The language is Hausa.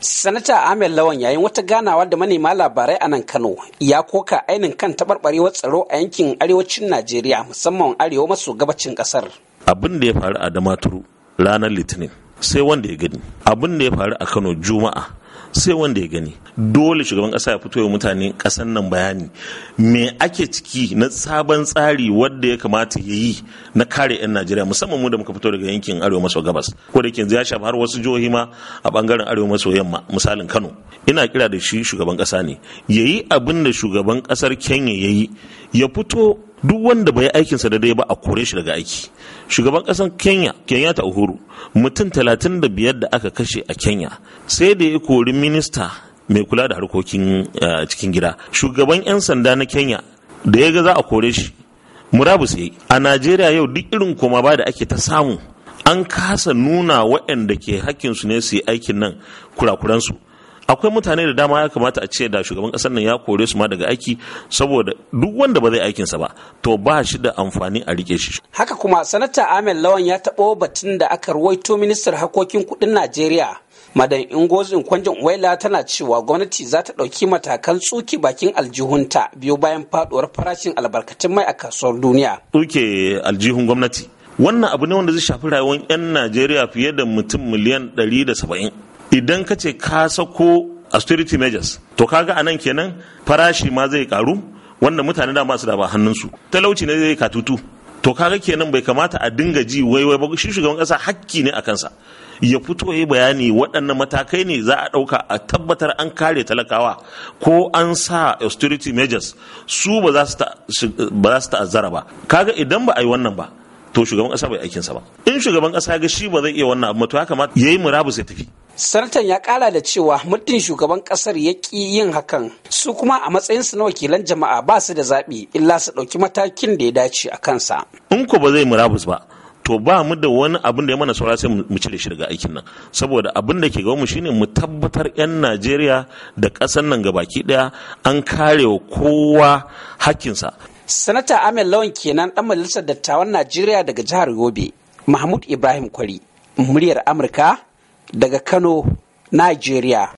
Sanata Ahmed Lawan yayin wata ganawa da manema labarai a nan Kano ya koka ainin kan taɓarɓarewar tsaro a yankin arewacin Najeriya musamman arewa maso gabacin ƙasar. Abin da ya faru a Damaturu ranar Litinin sai wanda ya gani abin da ya faru a kano juma'a sai wanda ya gani dole shugaban kasa ya fito ya mutane kasan nan bayani me ake ciki na sabon tsari wadda ya kamata ya yi na kare 'yan najeriya musamman mu da muka fito daga yankin arewa maso gabas ko da yanzu ya shafi har wasu jihohi ma a bangaren arewa maso yamma misalin kano ina kira da shi shugaban kasa ne ya yi abin da shugaban kasar kenya ya yi ya fito duk wanda bai aikin sa dai ba a kore shi daga aiki shugaban kasan kenya ta uhuru mutum talatin da biyar da aka kashe a kenya sai da ya kori minista mai kula da harkokin eh, cikin gida shugaban 'yan sanda na kenya da ya ga za a kore shi murabus ya a najeriya yau duk irin koma ba da ake ta samu an kasa nuna waɗanda ke hakkinsu ne su yi aikin nan kurakuransu akwai mutane da dama ya kamata a ce da shugaban ƙasar nan ya kore su ma daga aiki saboda duk wanda ba zai aikinsa ba to ba shi da amfani a rike shi haka kuma sanata amel Lawan ya taɓo batun da aka ruwaito ministar harkokin kuɗin Najeriya madan ingozin kwanjin waila tana cewa gwamnati za ta ɗauki matakan tsuki bakin aljihunta biyu bayan faduwar farashin albarkatun mai a kasuwar duniya tsuke aljihun gwamnati wannan abu ne wanda zai shafi rayuwar 'yan najeriya fiye da mutum miliyan 170 idan ka ce ka sako austerity measures to kaga anan kenan farashi ma zai karu wanda mutane da masu da ba hannunsu talauci ne zai katutu to kaga kenan bai kamata a dinga ji wai wai ba shi shugaban kasa hakki ne a kansa ya fito ya bayani waɗannan matakai ne za a ɗauka a tabbatar an kare talakawa ko an sa austerity measures su ba za su ta'azzara ba kaga idan ba a yi wannan ba to shugaban kasa bai aikinsa ba in shugaban kasa ga shi ba zai iya wannan abu to ya kamata ya yi murabus ya tafi Sanatan ya kara da cewa muddin shugaban kasar ya ƙi yin hakan su kuma a matsayinsu na wakilan jama'a ba su da zaɓi illa su ɗauki matakin da ya dace a kansa. In ko ba zai murabus ba to ba mu da wani abin da ya mana saura sai mu cire shi daga aikin nan saboda abin da ke mu shine mu tabbatar 'yan Najeriya da ƙasar nan ga baki ɗaya an kare wa kowa hakkinsa. Sanata Amin Lawan kenan ɗan majalisar dattawan Najeriya daga jihar Yobe Mahmud Ibrahim Kwari muryar Amurka daga Kano, Nigeria.